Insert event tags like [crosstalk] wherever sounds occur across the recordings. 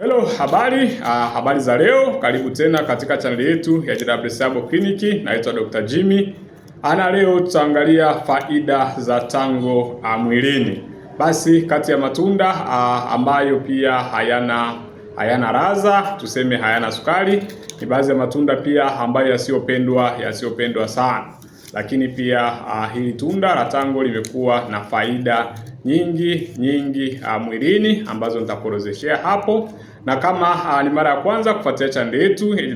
Hello, habari uh, habari za leo. Karibu tena katika chaneli yetu ya JW Sabo Clinic. Naitwa Dr. Jimmy ana. Ah, leo tutaangalia faida za tango uh, mwilini. Basi kati ya matunda uh, ambayo pia hayana hayana raza, tuseme hayana sukari, ni baadhi ya matunda pia ambayo yasiyopendwa yasiyopendwa sana, lakini pia uh, hili tunda la tango limekuwa na faida nyingi nyingi uh, mwilini ambazo nitakuorozeshea hapo na kama uh, ni mara ya kwanza kufuatilia chaneli yetu hii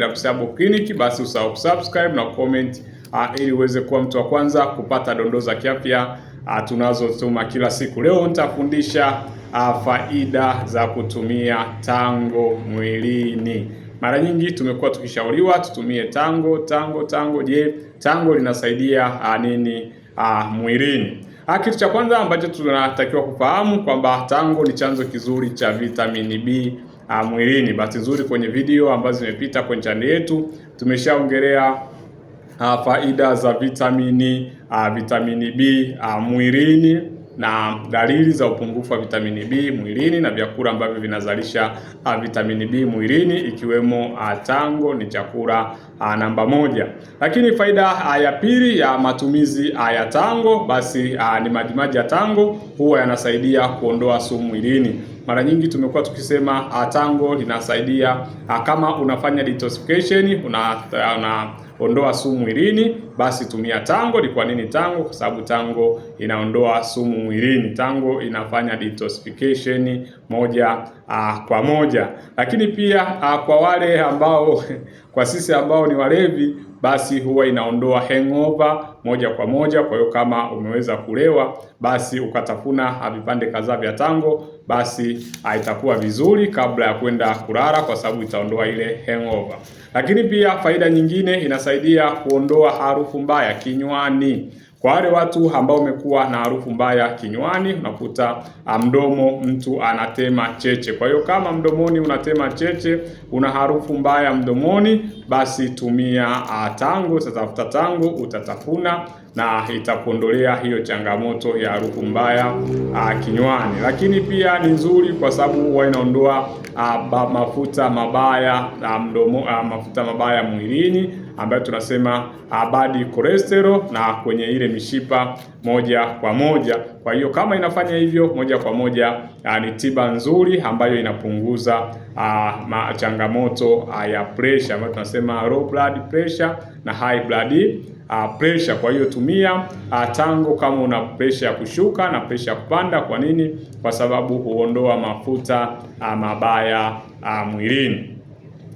Clinic, basi usahau kusubscribe na comment uh, ili uweze kuwa mtu wa kwanza kupata dondoo za kiafya uh, tunazotuma kila siku. Leo nitafundisha uh, faida za kutumia tango mwilini. Mara nyingi tumekuwa tukishauriwa tutumie tango tango tango. Je, tango linasaidia uh, nini uh, mwilini? Ah, kitu cha kwanza ambacho tunatakiwa kufahamu kwamba tango ni chanzo kizuri cha vitamini B ah, mwilini. Bahati nzuri kwenye video ambazo zimepita kwenye chaneli yetu tumeshaongelea ah, faida za vitamini, vitamini B mwilini na dalili za upungufu wa vitamini B mwilini na vyakula ambavyo vinazalisha vitamini B mwilini ikiwemo a, tango ni chakula namba moja. Lakini faida a, ya pili ya matumizi a, ya tango basi a, ni majimaji ya tango huwa yanasaidia kuondoa sumu mwilini. Mara nyingi tumekuwa tukisema uh, tango linasaidia kama unafanya detoxification una, una ondoa sumu mwilini, basi tumia tango. Ni kwa nini tango? Kwa sababu tango inaondoa sumu mwilini, tango inafanya detoxification moja a, ah, kwa moja. Lakini pia a, ah, kwa wale ambao [laughs] kwa sisi ambao ni walevi basi huwa inaondoa hangover moja kwa moja. Kwa hiyo kama umeweza kulewa, basi ukatafuna vipande kadhaa vya tango, basi itakuwa vizuri kabla ya kwenda kulala, kwa sababu itaondoa ile hangover. Lakini pia faida nyingine, inasaidia kuondoa harufu mbaya kinywani. Kwa wale watu ambao wamekuwa na harufu mbaya kinywani, unakuta ah, mdomo mtu anatema cheche. Kwa hiyo kama mdomoni unatema cheche, una harufu mbaya mdomoni, basi tumia ah, tango, utatafuta tango, utatafuna na itakuondolea hiyo changamoto ya harufu mbaya ah, kinywani. Lakini pia ni nzuri kwa sababu huwa inaondoa mafuta mabaya mdomo, mafuta mabaya mwilini ambayo tunasema abadi cholesterol na kwenye ile mishipa moja kwa moja. Kwa hiyo kama inafanya hivyo moja kwa moja, ah, ni tiba nzuri ambayo inapunguza ah, changamoto ah, ya pressure ambayo tunasema low blood pressure na high blood Uh, pressure. Kwa hiyo tumia uh, tango kama una pressure ya kushuka na pressure ya kupanda. Kwa nini? Kwa sababu huondoa mafuta uh, mabaya uh, mwilini.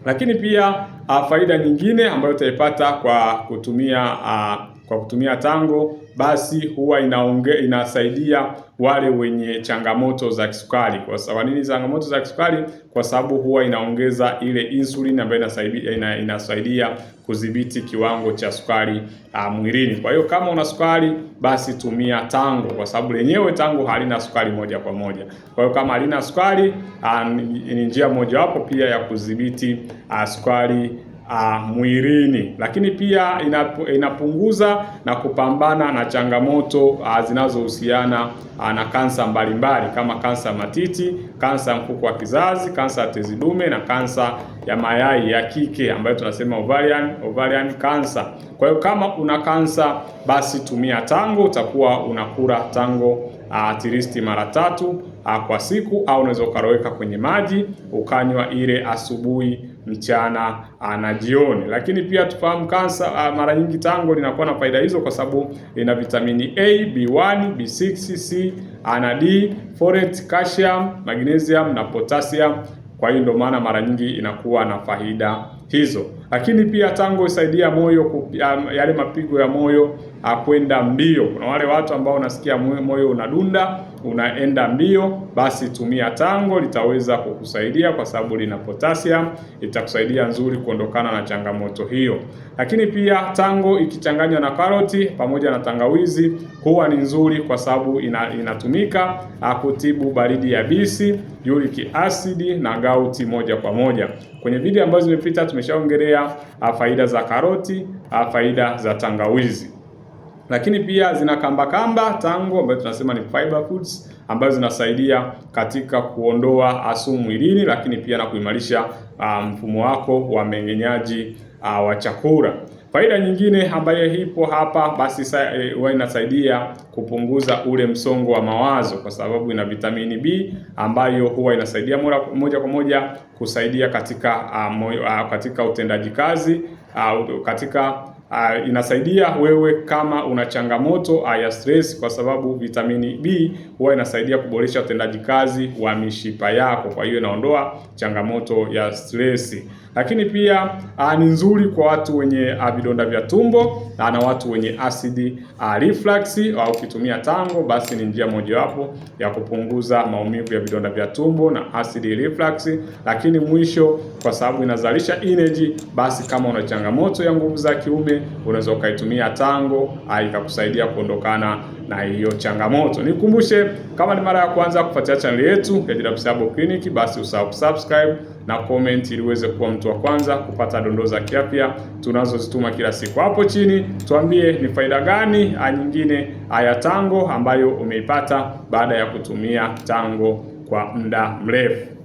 Lakini pia uh, faida nyingine ambayo utaipata kwa kutumia uh, kwa kutumia tango, basi huwa inaonge, inasaidia wale wenye changamoto za kisukari. Kwa sababu nini changamoto za kisukari? Kwa sababu huwa inaongeza ile insulin ambayo inasaidia, ina, inasaidia kudhibiti kiwango cha sukari uh, mwilini. Kwa hiyo kama una sukari, basi tumia tango, kwa sababu lenyewe tango halina sukari moja kwa moja. Kwa hiyo kama halina sukari uh, ni njia mojawapo pia ya kudhibiti uh, sukari uh, mwilini, lakini pia inapu, inapunguza na kupambana na changamoto uh, zinazohusiana uh, na kansa mbalimbali kama kansa matiti, kansa ya mfuko wa kizazi, kansa ya tezi dume na kansa ya mayai ya kike ambayo tunasema ovarian, ovarian cancer. Kwa hiyo kama una kansa basi tumia tango, utakuwa unakula tango at least mara tatu kwa siku, au unaweza ukaroweka kwenye maji ukanywa ile asubuhi mchana ah, na jioni. Lakini pia tufahamu kansa ah, mara nyingi tango linakuwa na faida hizo kwa sababu ina vitamini A, B1, B6, C ah, na D, folate, calcium, magnesium na potassium. Kwa hiyo ndio maana mara nyingi inakuwa na faida hizo. Lakini pia tango isaidia moyo, yale mapigo ya moyo kwenda mbio. Kuna wale watu ambao unasikia moyo unadunda unaenda mbio, basi tumia tango, litaweza kukusaidia kwa sababu lina potassium, itakusaidia nzuri kuondokana na changamoto hiyo. Lakini pia tango ikichanganywa na karoti pamoja na tangawizi huwa ni nzuri kwa sababu ina, inatumika ah, kutibu baridi bisi, uric acid na gauti moja kwa moja. Kwenye video ambazo zimepita tumeshaongelea ah, faida za karoti, ah, faida za tangawizi lakini pia zina kamba kamba tango ambazo tunasema ni fiber foods ambazo zinasaidia katika kuondoa asumu mwilini, lakini pia na kuimarisha ah, mfumo um, wako wa mmeng'enyaji uh, wa chakula. Faida nyingine ambayo ipo hapa basi eh, huwa inasaidia kupunguza ule msongo wa mawazo, kwa sababu ina vitamini B ambayo huwa inasaidia moja kwa moja kusaidia katika uh, katika utendaji kazi uh, katika Uh, inasaidia wewe kama una changamoto uh, ya stress kwa sababu vitamini B huwa inasaidia kuboresha utendaji kazi wa mishipa yako, kwa hiyo inaondoa changamoto ya stress lakini pia ah, ni nzuri kwa watu wenye ah, vidonda vya tumbo na, ah, na watu wenye acid reflux au ukitumia tango, basi ni njia mojawapo ya kupunguza maumivu ya vidonda vya tumbo na acid reflux. Lakini mwisho, kwa sababu inazalisha energy, basi kama una changamoto ya nguvu za kiume unaweza ukaitumia tango ikakusaidia kuondokana na hiyo changamoto. Nikumbushe, kama ni mara ya kwanza kufuatilia chaneli yetu ya Clinic, basi usahau kusubscribe na comment ili uweze kuwa mtu wa kwanza kupata dondoo za kiafya tunazozituma kila siku. Hapo chini tuambie ni faida gani nyingine ya tango ambayo umeipata baada ya kutumia tango kwa muda mrefu.